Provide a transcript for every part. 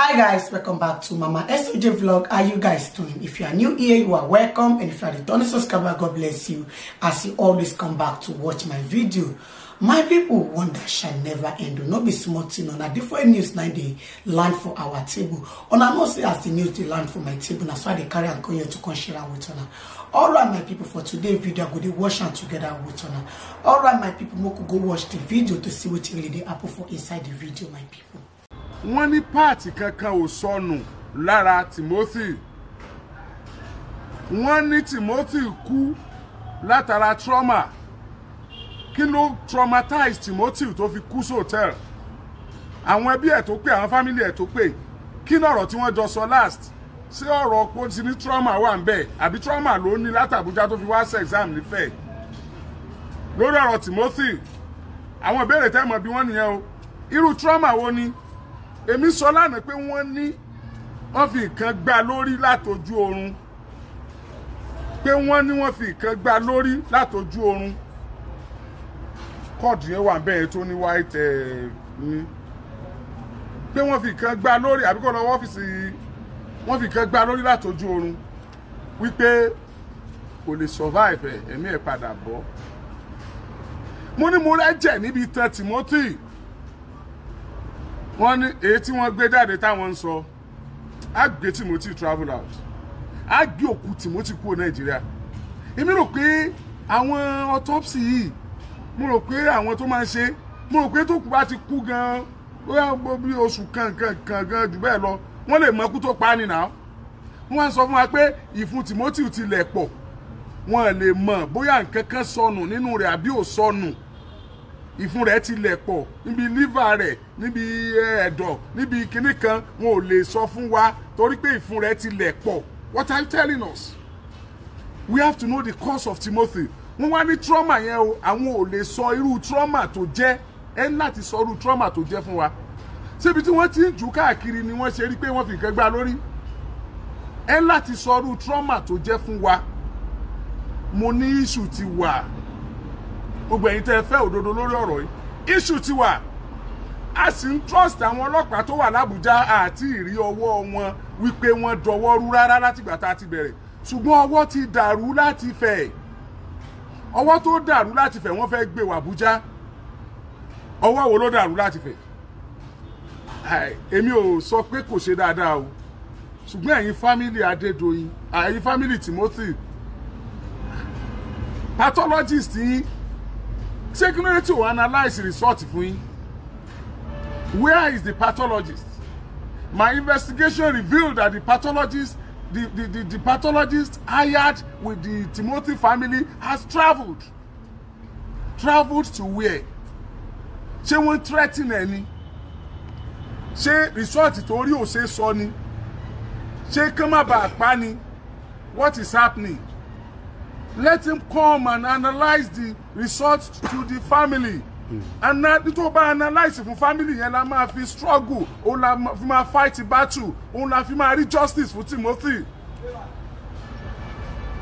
hi guys welcome back to mama soj vlog how you guys doing if you are new here you are welcome and if you are returning subscriber god bless you as you always come back to watch my video my people wonder shall never end no be small thing on a different news now they land for our table una know say as the news they land for my table na so they carry and come here to come share am with una all right my people for today's video go dey wash and together with una all right my people make we go watch the video to see wetin really dey happen for inside the video my people wọ́n ní páàtì kankan ò sọnù lára Timothy wọ́n ní Timothy kú látara trauma kí ló traumatize Timothy tó fi kú sòtẹ́ẹ̀lì àwọn ẹbí ẹ̀ tó pè àwọn fámìlì ẹ̀ tó pè kí ni ọ̀rọ̀ tí wọ́n jọ sọ last ṣé ọ̀rọ̀ pé ti ní trauma wà ń bẹ̀ àbí trauma ló ní látàbújá tó fi wá ṣe exam nífẹ̀ẹ́ lórí ọ̀rọ̀ Timothy àwọn ìbéèrè tẹ́ mọ̀ bí wọ́n nìyẹn o irú trauma wo ni èmi sọ lánàá pé wọ́n ní wọ́n fi nǹkan gbá lórí látojú oorun pé wọ́n ní wọ́n fi nǹkan gbá lórí látojú oorun kọ́ọ̀dù yẹn wà bẹ́ẹ̀ tó ní white eh, ní pé wọ́n fi nǹkan gbá lórí àbíkọ́ lọ́wọ́ ọ́fíìsì wọ́n fi nǹkan gbá lórí látojú oorun wípé kò lè survive ẹ̀mí ẹ̀ padà bọ́ mo ní mo rẹ́jẹ̀ níbi tán Timothy wọ́n ní èyí tí wọ́n gbé jáde táwọn ń sọ á gbé Timothy travel out á gbé òkú Timothy kúrò Nàìjíríà èmi rò pé àwọn autopsy yìí mo rò pé àwọn tó máa ń ṣe mo rò pé tó kú bá ti kú gan ó yà gbó bí oṣù kankan kankan jù bẹ́ẹ̀ lọ wọ́n lè mọ ikú tó pa á nìyà wọ́n á sọ fún wa pé ìfun Timothy ti lẹ̀ pọ̀ wọ́n lè mọ̀ bóyá nǹkan kan sọnù nínú rẹ̀ àbí ò sọnù. So ìfun rẹ̀ ti lẹ̀ pọ̀ níbi liver rẹ̀ níbi ẹ̀dọ̀ níbi kinní kan wọn ò lè sọ fún wa torí pé ìfun rẹ̀ ti lẹ̀ pọ̀ what are you telling us we have to know the cause of Timothy wọ́n wá ní trauma yẹn o àwọn ò lè sọ irú trauma tó jẹ́ ẹ ní láti sọ irú trauma tó jẹ́ fún wa síbi tí wọ́n ti ń jù káàkiri ni wọ́n ṣe rí pé wọ́n fi nǹkan gbá lórí ẹ ní láti sọ irú trauma tó jẹ́ fún wa mo ní iṣu ti wà gbogbo ẹ̀yin tẹ́ fẹ́ òdodo lórí ọ̀rọ̀ yìí issue ti wà a sì ń trust àwọn ọlọ́pàá tó wà lábújá àti ìrí ọwọ́ wọn wípé wọ́n dọwọ́ rú rárá látìgbà tá a ti bẹ̀rẹ̀ ṣùgbọ́n ọwọ́ ti dàrú láti fẹ̀ ọwọ́ tó dàrú láti fẹ̀ wọ́n fẹ́ gbé wà àbújá ọwọ́ wo ló dàrú láti fẹ̀ èmi ò sọ pé kò ṣe dáadáa o ṣùgbọ́n ẹ̀yin fámìlì Adédoyin ẹ̀yin fámìlì Timothy pathologist yín ṣé kí ló dé tí ò analyse result fún yín where is the pathologist my investigation revealed that the pathologist the, the, the, the pathologist hired with the Timothy family has travelled travelled to where ṣé wọ́n threaten ẹni ṣé result torí ò ṣe sọ ni ṣé kán má bàa pa ni what is happening let him come and analyse the results to the family and ana tó bá analyse fún family yẹn la máa fi struggle òun la fi máa fight battle òun la fi máa rí justice fún Timothy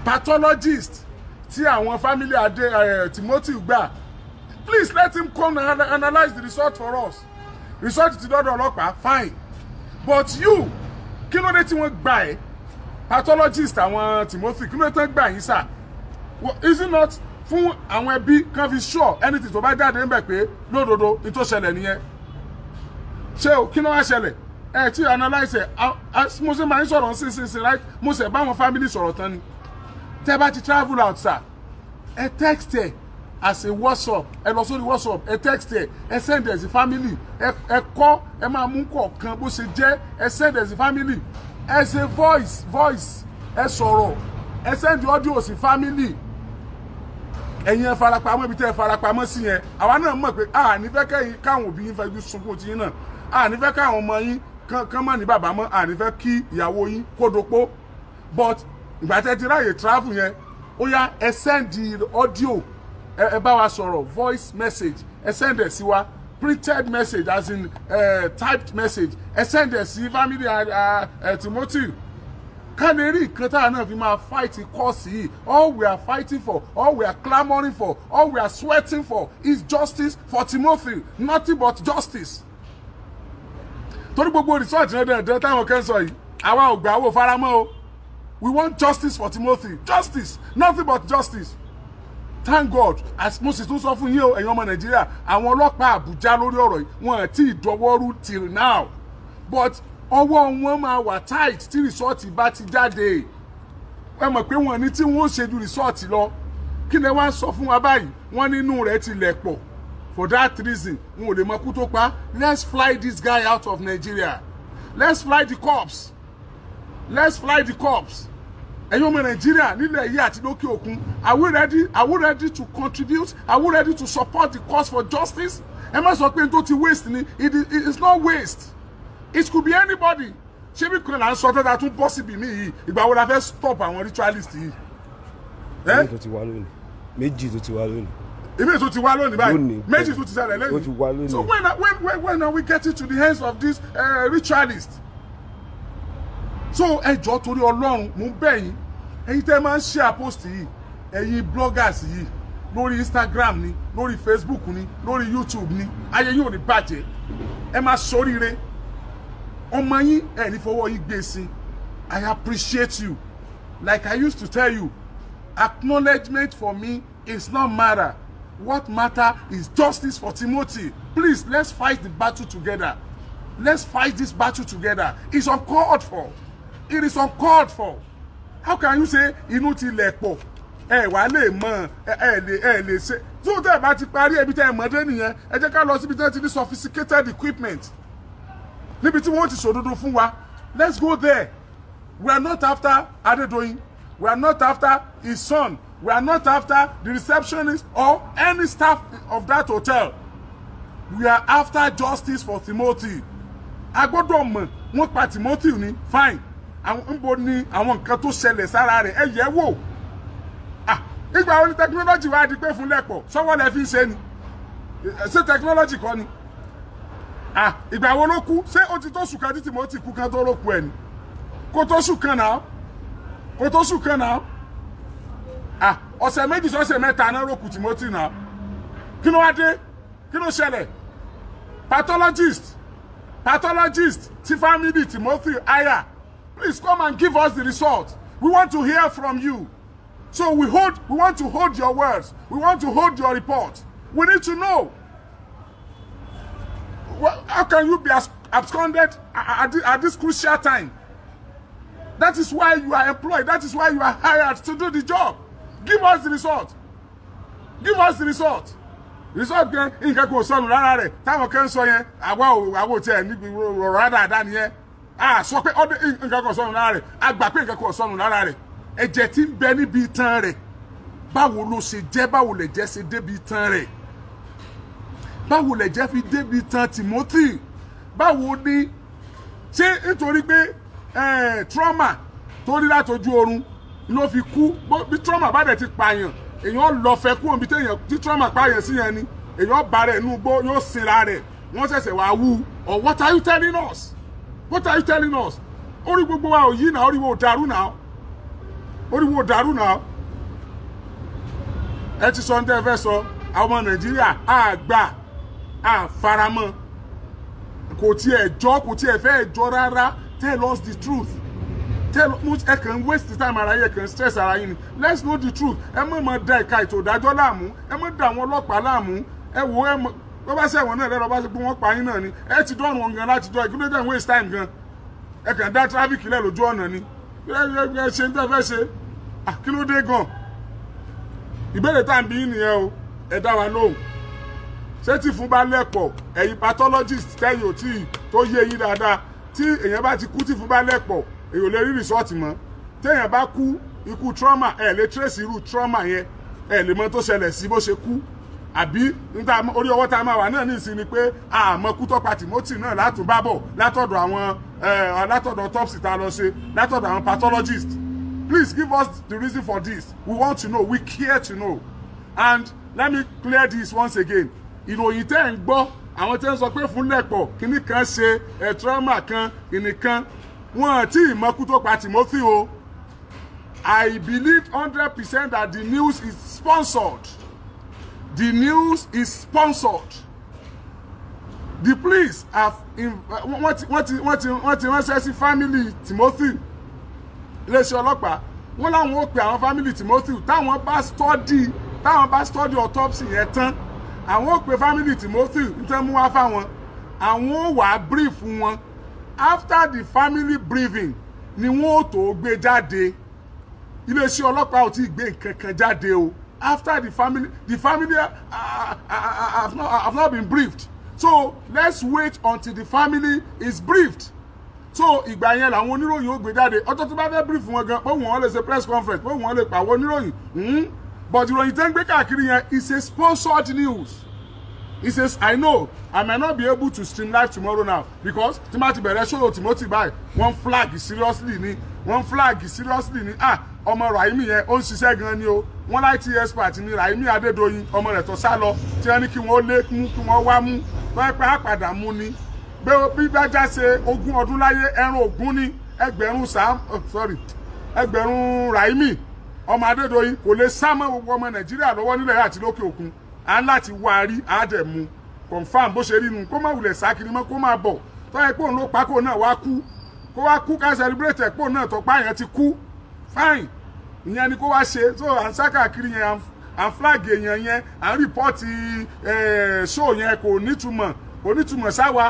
pathologist tí àwọn family adé uh, Timothy gbà please let him come and analyse the result for us result ti dọ́dọ̀ ọlọ́pàá fine but you kí ló dé tí wọ́n gbà ẹ́ pathologist àwọn Timothy kí ló dé tí wọ́n gbà yín sáà is it not fún àwọn ẹbí kan fi sure anything tó bá jáde ń bẹ̀ pé lódodo ní tó ṣẹlẹ̀ nìyẹn ṣé o kí ló wá ṣẹlẹ̀ ẹ ti analyse ẹ mo ṣe máa ń sọ̀rọ̀ sísinsin right mo ṣe báwọn family sọ̀rọ̀ tán ni tẹ́ bá ti travel out sir ẹ text ẹ as a whatsapp ẹ lọ sórí whatsapp ẹ text ẹ ẹ send as a family ẹ kọ ẹ máa mú kọ̀ọ̀kan bó ṣe jẹ́ ẹ send as a family ẹ ṣe voice voice ẹ sọ̀rọ̀ ẹ send audio sí family ẹ̀yin farapamọ́ ibi tẹ́ farapamọ́ sí yẹn àwa náà mọ̀ pé a nífẹ́ kẹ́yìn káwọn òbí yín fẹ́jú sunkún ti yín náà a nífẹ́ káwọn ọmọ yín kán mọ̀ ní bàbá mọ́ a nífẹ́ kí ìyàwó yín kó dopó but ìgbà tẹ́ ti ráàyè travel yẹn ó yá ẹ the audio. ẹ bá wa sọ̀rọ̀ voice message ẹ sẹ́ndì ẹ̀ sí wa printed message as in uh, typed message ẹ sẹ́ndì ẹ̀ sí family uh, uh, Timothy ká lè rí nǹkan táwọn náà fi máa fight cause yìí all we are fighting for all we are clamoring for all we are sweating for is justice for Timothy nothing but justice. torí gbogbo research náà dandan táwọn kan sọ yìí àwa ò gbà wò faramọ́ o we want justice for Timothy justice nothing but justice thank god as mo sì tún sọ fún yín o ẹ̀yin ọmọ nàìjíríà àwọn ọlọ́pàá àbújá lórí ọ̀rọ̀ yìí wọn àti ìdọwọ́rú till now but ọwọ́ wọn máa wà tight tí rìsọ́ọ̀tì bá ti jáde ẹ mọ̀ pé wọ́n ní tí wọ́n ṣe ju rìsọ́ọ̀tì lọ kí ni wọ́n sọ fún wa báyìí wọ́n nínú rẹ̀ ti lẹ̀ pọ̀ for that reason wọn ò lè mọ kú tó pa let's fly this guy out of Nigeria let's fly the cops let's fly the cops ẹ̀yin ọmọ Nàìjíríà nílẹ̀ yìí àti lókè òkun are we ready are we ready to contribute are we ready to support the cause for justice ẹ má sọ pé n tó ti waste ni it is not waste it could be anybody ṣé bí kan là ń sọ tẹ́tà tún bọ́ síbi mí yìí ìgbà wo la fẹ́ stop àwọn ritualist yìí. méjì eh? tó ti wá lónìí méjì tó ti wá lónìí. ìmí tó ti wá lónìí báyìí méjì tó ti ṣẹlẹ̀ lẹ́yìn. so when when when when are we getting to the hands of this uh, eh, ritualists. so ẹ jọ̀ọ́ torí Ọlọ́run mò ń bẹ̀ yín ẹ̀yin tẹ́ máa ń share post yìí ẹ̀yin bloggers yìí lórí Instagram ni lórí Facebook ni lórí YouTube ni ayé yóò ní bàjẹ́ ẹ máa ṣoríire ọmọ yín ẹ̀ ní fọwọ́ yín gbé sí i appreciate you like I used to tell you acknowledgement for me is not matter what matter is justice for Timothy please let's fight the battle together let's fight this battle together it's uncalled for it is uncalled for how can you say inú ti lẹ̀ pọ̀ ẹ wà lè mọ ẹ lè ẹ lè ṣe tí ó tẹ̀ bá ti parí ẹbí tẹ̀ mọ́dé nìyẹn ẹ jẹ́ ká lọ síbi tí ti ní sophisticated equipment níbi tí wọ́n ti sòdodo fún wa let's go there we are not after Adedoyin we are not after his son we are not after the receptionist or any staff of that hotel we are after justice for Timothy a gbọ́dọ̀ mọ̀ wọ́n pa Timothy ní fine níbo ni àwọn nǹkan tó ṣẹlẹ̀ sára rẹ̀ ẹ yẹ̀ wò ah, ìgbà wo ni technology wá di pé fún lẹ́pọ̀ sọ́wọ́ lẹ fi ń ṣe ni ṣé technology kọ́ ni ah ìgbà wo ló kú ṣé ó ti tó sùn tí Timothy kú kan tó ló kú ẹ̀ ni kó tó sùn náà kó tó sùn náà ah ọ̀sẹ̀ méjì sọ́sẹ̀ mẹ́ta náà ló kú Timothy náà kí ló wá dé kí ló ṣẹlẹ̀ pathologist pathologist ti family Timothy aya please come and give us the result we want to hear from you so we hold we want to hold your words we want to hold your report we need to know Well, how can you be absconded at, at, at this crucial time? That is why you are employed. That is why you are hired to do the job. Give us the result. Give us the result. Result gan nǹkan kò sọnù rárá rẹ̀ táwọn kan sọ yẹn àwa ò àwa ò tiẹ̀ níbi rọ̀rọ̀ in nìyẹn. A sọ pé nǹkan kò sọnù rárá rẹ̀ a gbà pé nǹkan kò sọnù rárá rẹ̀ ẹ̀jẹ̀ tí ń bẹ níbi itan rẹ̀ báwo ló ṣe jẹ́ báwo lẹ̀jẹ̀ ṣe débi itan rẹ̀ báwo lẹ̀jẹ̀ fi débi tan Timothy báwo ni ṣé nítorí pé trauma tó rí látojú oorun ló fi kú bí trauma bá dẹ̀ ti pààyàn èèyàn lọ fẹ́ kú òbí téèyàn tí trauma pààyàn sí yẹn ni èèyàn bá rẹ̀ nú gbó yóò sinra rẹ̀ wọ́n ṣẹ̀ṣẹ̀ wá wú or what are you telling us what are you telling us orí gbogbo wa ò yí náà orí wo dàrú náà orí wo dàrú náà ẹ ti sọ ní tẹ́ fẹ́ sọ àwọn ọmọ Nàìjíríà àgbà àfaramọ́ kò tiẹ̀ jọ́ kò tiẹ̀ fẹ́ jọ rárá tell us the truth tell us ẹ kàn waste time ara yẹ kàn stress ara yín ni let's know the truth ẹ má máa da ẹ̀ka ètò ìdájọ́ láàmú ẹ má da àwọn ọlọ́pàá láàmú ẹ wò ẹ mọ bó bá ṣẹ̀wọ̀n náà lẹ́rọ bá ṣe pé wọ́n pa yín náà ni ẹ ti dọ́rùn wọn gan láti dọ́ ẹ kí ló dé waste time gan ẹ kàn dá traffic lẹ̀ lójú ọ̀nà ni ẹ ṣe ń tẹ́ fẹ́ ṣe ah, kí ló dé gan ìbéèrè tá à ń bí yín nìyẹn o ẹ dá wa lóhùn ṣé tí fún bá lẹ́pọ̀ ẹ̀yin pathologist tẹ́yìn ò tí tó yé yín dáadáa tí èèyàn bá ti kú tí fún bá lẹ́pọ̀ èèyàn ò lè rí result mọ́ téèyàn bá kú ikú trauma ẹ̀ lè trace irú trauma yẹn ẹ̀ lè mọ tó ṣẹlẹ̀ sí bó ṣe kú àbí orí ọwọ́ tá a máa wà náà ní ìsinmi pé àmọ́ kútọ́pa Timothy náà látòbábọ̀ látọ̀dọ̀ àwọn látọ̀dọ̀ autopsy tá a lọ ṣe látọ̀dọ̀ àwọn pathologist please give us the reason for this we want to know we care to know and let me clear this once again ìròyìn tẹ́ ń gbọ́ àwọn tẹ́ ń sọ pé fúnlẹ̀pọ̀ kìnnì kan ṣe ẹ̀túrọ́mà kan kìnnì kan wọn àti ìmọ̀kú tó pa Timothy o I believe hundred percent that the news is sponsored the news is sponsored the police have wọ́n ti wọ́n ti wọ́n ti wọ́n ti ránṣẹ́ sí family Timothy iléeṣẹ́ ọlọ́pàá wọ́n láwọn ó pe àwọn family Timothy táwọn bá stọ́dì táwọn bá stọ́dì autopsy yẹn tán àwọn ò pe family Timothy nítorí mú wá fáwọn àwọn ò wá brief wọn after the family briefing ni wọn ò tó gbé jáde iléeṣẹ́ ọlọ́pàá ò tí ì gbé nǹkan kan jáde o after the family the family uh, uh, uh, uh, have, not, been briefed so let's wait until the family is briefed so ìgbà yẹn làwọn oníròyìn ó gbé jáde ọjọ́ tó bá fẹ́ brief wọn gan pé wọ́n lè ṣe press conference pé wọ́n lè pàwọ́ oníròyìn hmm? but when tẹ́ ń gbé káàkiri it's a sponsored news he says i know i may not be able to stream live tomorrow now because tí má ti bẹ̀rẹ̀ ṣòro timothy báyìí one flag seriously ni one flag seriously ni ah ọmọ rahimi yẹn ó ń ṣiṣẹ́ gan ni o wọ́n láti expert ni rahimi adédoyin ọmọ rẹ̀ tó sá lọ tí wọ́n ní kí wọ́n lé mu. kí wọ́n wá mú wọ́n pẹ́ àpàdà mú ni pé bí bájá ṣe ogún ọdún láyé ẹran ogún ní ẹgbẹ̀rún sam oh, sorry ẹgbẹ̀rún rahimi ọmọ Adédoyin kò lè sá mọ́ gbogbo ọmọ Nàìjíríà lọ́wọ́ nílẹ̀ àti lókè òkun à ń láti wá rí àdẹ̀mú confam bó ṣe rí nu kó má wulẹ̀ sákiri mọ́ kó má bọ̀ tó pé òun ló pa kó náà wá kú kó wá kú ká celebrate ẹ̀ pé òun náà tọ́pá yẹn ti kú fine ìyẹn ni kó wá ṣe so à ń sá káàkiri yẹn à ń flag èèyàn yẹn à ń rìpọ́ọ̀tì show yẹn kò nítumọ̀ kò nítumọ̀ sáwa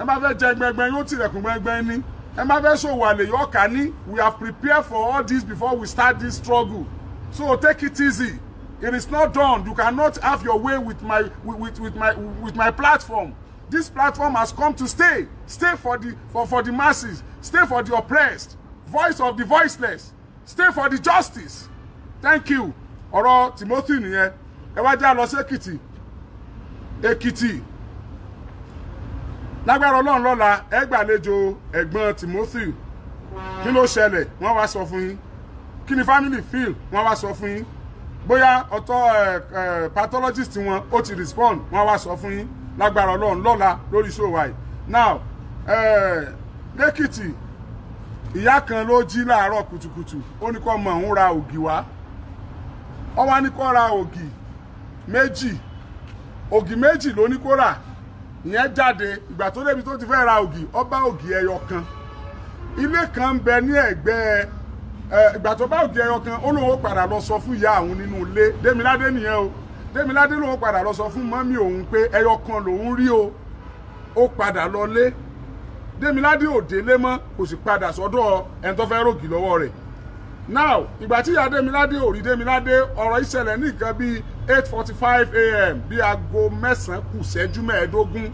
ẹ bá fẹ́ jẹ gbẹngbẹn yóò tilẹ̀kùn gbẹngbẹn ni ẹ má fẹ́ ṣòwò àlè yọ we have prepared for all this before we start this struggle so take it easy it is not done you cannot have your way with my with with my with my platform this platform has come to stay stay for the for for the masses stay for the oppressed voice of the voiceless stay for the justice thank you ọ̀rọ̀ Timothy nìyẹn ẹ wá já lọ sí lágbára ọlọ́run lọ́la ẹ gbàlejò ẹ̀gbọ́n Timothy kí ló ṣẹlẹ̀ wọ́n wá sọ fún yín kí ni family feel wọ́n wá sọ fún yín bóyá ọ̀tọ̀ pathologist wọn ó ti respond wọ́n wá sọ fún yín lágbára ọlọ́run lọ́la lórí show wa now lẹ́kìtì ìyá kan ló jí láàárọ̀ kùtùkùtù ó ní kó mọ̀ ń ra ògì wá ó wá ní kó ra ògì méjì ògì méjì ló ní kó rà ìyẹn jáde ìgbà tó débi tó ti fẹ́ ra ògì ó bá ògì ẹyọ kan ilé kan ń bẹ ní ẹ̀gbẹ́ ìgbà tó bá ògì ẹyọ kan ó lóun ó padà lọ sọ fún ìyá òun nínú ilé Démiládé nìyẹn o Démiládé lóun padà lọ sọ fún mọ́mí òun pé ẹyọ kan lòun rí o ó padà lọ lé Démiládé ò délé mọ́ kò sì padà sọ́dọ̀ ẹni tó fẹ́ rògì lọ́wọ́ rẹ̀ now ìgbà tí ìyá Démiládé òrí Démiládé ọ̀rọ̀ ìṣẹ̀lẹ̀ ní nǹkan bíi eight forty five a.m. bíi aago mẹ́sàn-án kù ṣẹ́jú mẹ́ẹ̀ẹ́dógún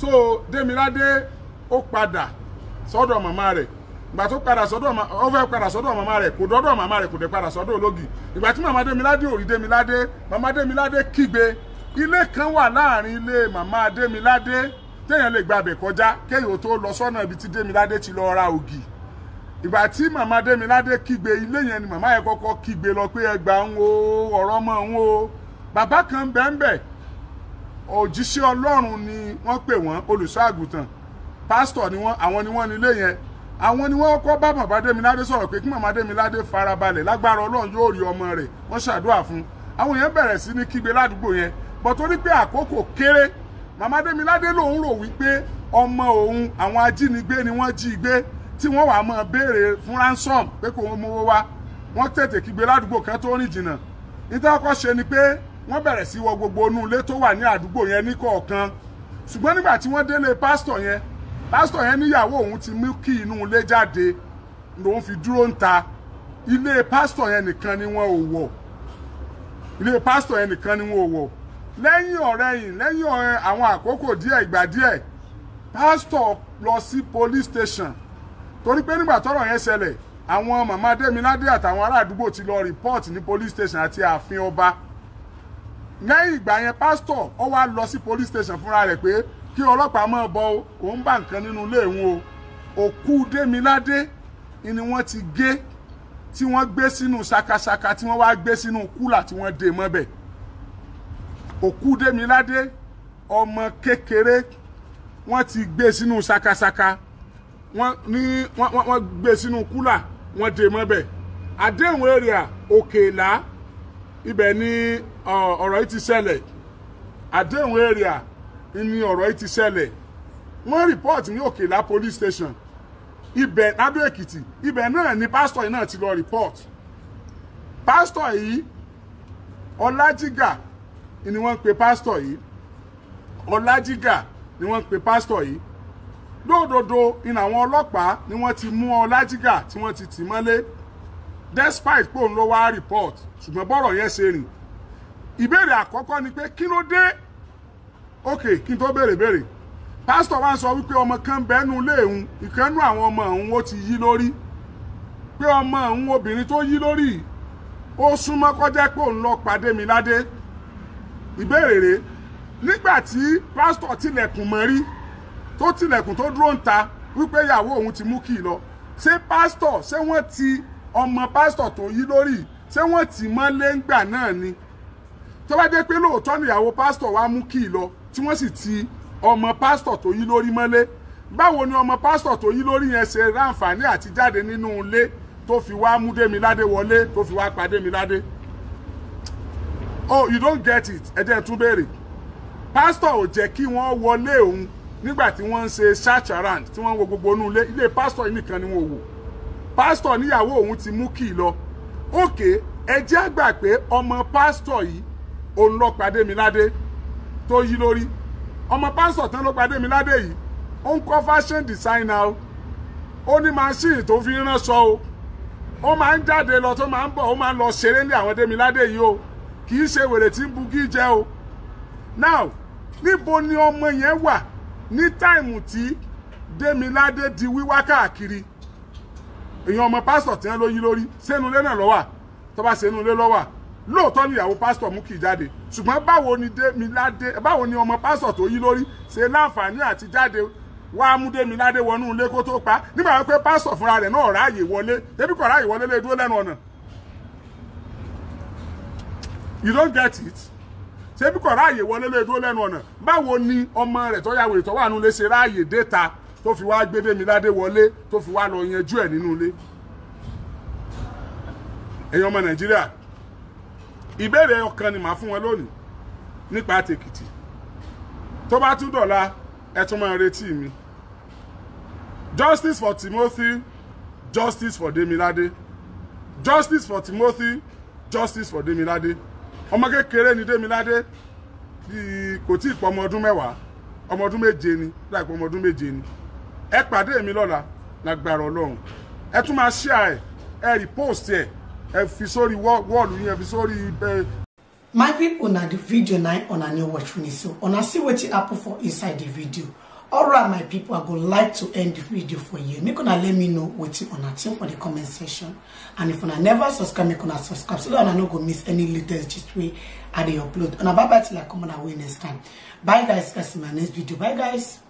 so Démiládé ó padà sọ́dọ̀ màmá rẹ̀ ìgbà tó padà sọ́dọ̀ ó fẹ́ padà sọ́dọ̀ màmá rẹ̀ kò dọ́dọ̀ màmá rẹ̀ kò dé padà sọ́dọ̀ ológi ìgbà tí màmá Démiládé òrí Démiládé màmá Démiládé kígbe ilé kan wà láàrin ilé màmá Démiládé téèyàn lè gbàbẹ̀ kọjá kéèyàn tó lọ sọ́nà ibi tí Démiládé ti lọ ra ògì ìgbà tí màmá Démiládé kígbe ilé yẹn ni màmá yẹn kọ́kọ́ kígbe lọ pé ẹgbà ń wo ọ̀rọ̀ ọmọ ń wo bàbá kan bẹ́ẹ̀nbẹ́ òjíṣẹ́ Ọlọ́run ni wọ́n pè wọ́n olùṣọ́ àgùntàn pásítọ̀ ni wọ́n àwọn ni wọ́n nílé yẹn àwọn ni wọ́n kọ́ bá màmá Démiládé sọ̀rọ̀ pé kí màmá Démiládé farabalẹ̀ lágbára Ọlọ́run yóò rí ọmọ rẹ̀ wọ́n ṣàdúrà fún àwọn yẹn bẹ̀rẹ̀ sí ní kígbe ládùúgbò yẹn bọ̀ torí pé àkókò kéré màmá Démiládé lòun rò wípé ọmọ òun àwọn ajínigbé ni wọ́n jí gbé tí wọ́n wàá máa béèrè fún ransom pé kò wọ́n mówó wá wọ́n tètè kígbe ládùúgbò kan tó rìn jìnnà ìtọ́kọ́ ṣe ni pé wọ́n bẹ̀rẹ̀ sí wọ gbogbo inú ilé tó wà ní àdúgbò yẹn ní kọ̀ọ̀kan ṣùgbọ́n nígbà tí wọ́n délé pásítọ̀ yẹn pásítọ̀ yẹn níyàwó òun ti mú kí inú ilé jáde lòun fi dúró ń ta ilé pásítọ̀ yẹn nìkan ni wọ́n ò wọ̀ ilé pásítọ̀ yẹn nìkan ni wọ́n ò wọ̀ lẹ́yìn ọ̀rẹ́yìn lẹ́yìn eh, àwọn àkókò díẹ̀ ìgbà díẹ̀ pásítọ̀ lọ sí police station torí pé nígbà tọ́rọ̀ yẹn ṣẹlẹ̀ àwọn màmá Adémiládé àtàwọn ará àdúgbò ti lọ rìpọ́ọ̀tì ní police station àti ààfin ọba lẹ́yìn ìgbà yẹn pásítọ̀ ó wá lọ sí police station fúnra rẹ̀ pé kí ọlọ́pàá máa bọ òun bá nǹkan nínú ilé òun o òkú Démiládé ni wọ́n ti gé tí wọ́n gbé sínú sakasaka tí wọ́n wá gbé sínú kúlà tí wọ́n dè mọ́bẹ̀ òkú Démiládé ọmọ kékeré wọ́n ti gbé sínú sakasaka wọ́n ní wọ́n gbé sínú kúlà wọ́n dè mọ́bẹ̀ àdéhùn èrìà òkèlá ibẹ̀ ni ọ̀rọ̀ yìí ti ṣẹlẹ̀ àdéhùn èrìà ni ọ̀rọ̀ yìí ti ṣẹlẹ̀ wọ́n rìpọ́ọ̀tì ní òkèlá police station ibẹ̀ ládó èkìtì ibẹ̀ náà ni pásítọ̀ yìí náà ti lọ rìpọ́ọ̀tì pásítọ̀ yìí ọlájìgà ni wọ́n ń pe pásítọ̀ yìí ọlájìgà ni wọ́n ń pe pásítọ̀ yìí lóòdodo ìnà àwọn ọlọ́pàá ni wọ́n ti mú Ọlájígà tí wọ́n ti tì mọ́lé despite pòun ló wá report ṣùgbọ́n bọ́rọ̀ yẹn ṣe rìn ìbéèrè àkọ́kọ́ ni pé kí ló dé ok kí n tó béèrè béèrè pásítọ̀ wa ń sọ wípé ọmọ kan bẹ́nu léèhùn ìkànnú àwọn ọmọ òun ó ti yí lórí pé ọmọ òun obìnrin tó yí lórí ó súnmọ́ kọjá pé òun lọ pàdé mi ládé ìbéèrè rèé nígbà tí pásítọ̀ tilẹ̀kùn mọ́ rí tó tilẹ̀kùn tó dúró ń ta wípé ìyàwó òun ti mú kí i lọ ṣé pásítọ̀ ṣé wọ́n ti ọmọ pásítọ̀ tó yí lórí ṣé wọ́n ti mọ́lé ńgbà náà ni tó bá jẹ́ pé lóòótọ́ níyàwó pásítọ̀ wa mú kí i lọ tí wọ́n sì ti ọmọ pásítọ̀ tó yí lórí mọ́lé báwo ni ọmọ pásítọ̀ tó yí lórí yẹn ṣe ráǹfààní àti jáde nínú ilé tó fi wá mú Démiládé wọlé tó fi wá pa Démiládé oh you don't get it ẹ jẹ́ tún béèrè pásítọ̀ ò jẹ́ kí wọ́n wọlé òun nígbà tí wọ́n ń ṣe search around tí wọ́n ń wo gbogbo inú ilé ilé pastor yìí nìkan ni wọ́n wò Pastor, níyàwó òun ti mú kì í lọ òkè ẹ jẹ́ á gbà pé ọmọ pastor. yìí òun lọ pàdé mi ládé tó yí lórí ọmọ pásítọ̀ tán ló pàdé mi ládé yìí ó ń kọ́ fashion designer o ó ní machine tó fi ránṣọ o ó máa ń jáde lọ tó máa ń bọ̀ ó máa ń lọ ṣeré ní àwọn Démiládé yìí o kì í ṣe wèrè tí ń bugí jẹ o now níbo ni ọmọ yẹn wà ní táìmù tí Démiládé di wíwá káàkiri èèyàn ọmọ pásítọ̀ tí wọ́n ló yí lórí sẹ́nu ilé náà lọ́wà tó bá sẹ́nu ilé lọ́wà lóòótọ́ ni ìyàwó pásítọ̀ mú kì í jáde ṣùgbọ́n báwo ni Démiládé báwo ni ọmọ pásítọ̀ tó yí lórí ṣe láǹfààní àti jáde wá mú Démiládé wọnú ilé kó tó pa nígbà wọn pásítọ̀ fúnra rẹ̀ náà ráàyè wọlé débí kò ráàyè wọlé lé dúró lẹ́nu ọ̀nà you don't get it ṣé bí kò ráàyè wọlé lè dúró lẹ́nu ọ̀nà báwo ni ọmọ rẹ̀ tó yàwó ìtọ́wọ́ àánú lè ṣe ráàyè déta tó fi wá gbé Démiládé wọlé tó fi wá lọ yanjú ẹ̀ nínú ilé ẹ̀yin ọmọ Nàìjíríà ìbéèrè ọ̀kan ni màá fún wọn lónìí nípa tèkìtì tó bá tún dọ̀la ẹ tún máa retí mi justice for Timothy justice for Demilade justice for Timothy justice for Demilade ọmọ kékeré ni Démiládé kò tí ì pọ ọmọ ọdún mẹ́wàá ọmọ ọdún méje ni láì pọ ọmọ ọdún méje ni ẹ pàdé mi lọ́la lágbára Ọlọ́run ẹ tún máa share ẹ ẹ repost ẹ ẹ fi sórí wọ́ọ̀lù yẹn fi sórí ibẹ̀. my people, na di video na una new watch finish so una see wetin happen for inside the video all right my people i go like to end the video for you make una let me know wetin una think for the comment section and if una never subscribe make una subscribe so that una no go miss any latest just way i dey upload una bye bye till i come on away next time bye guys guys in my next video bye guys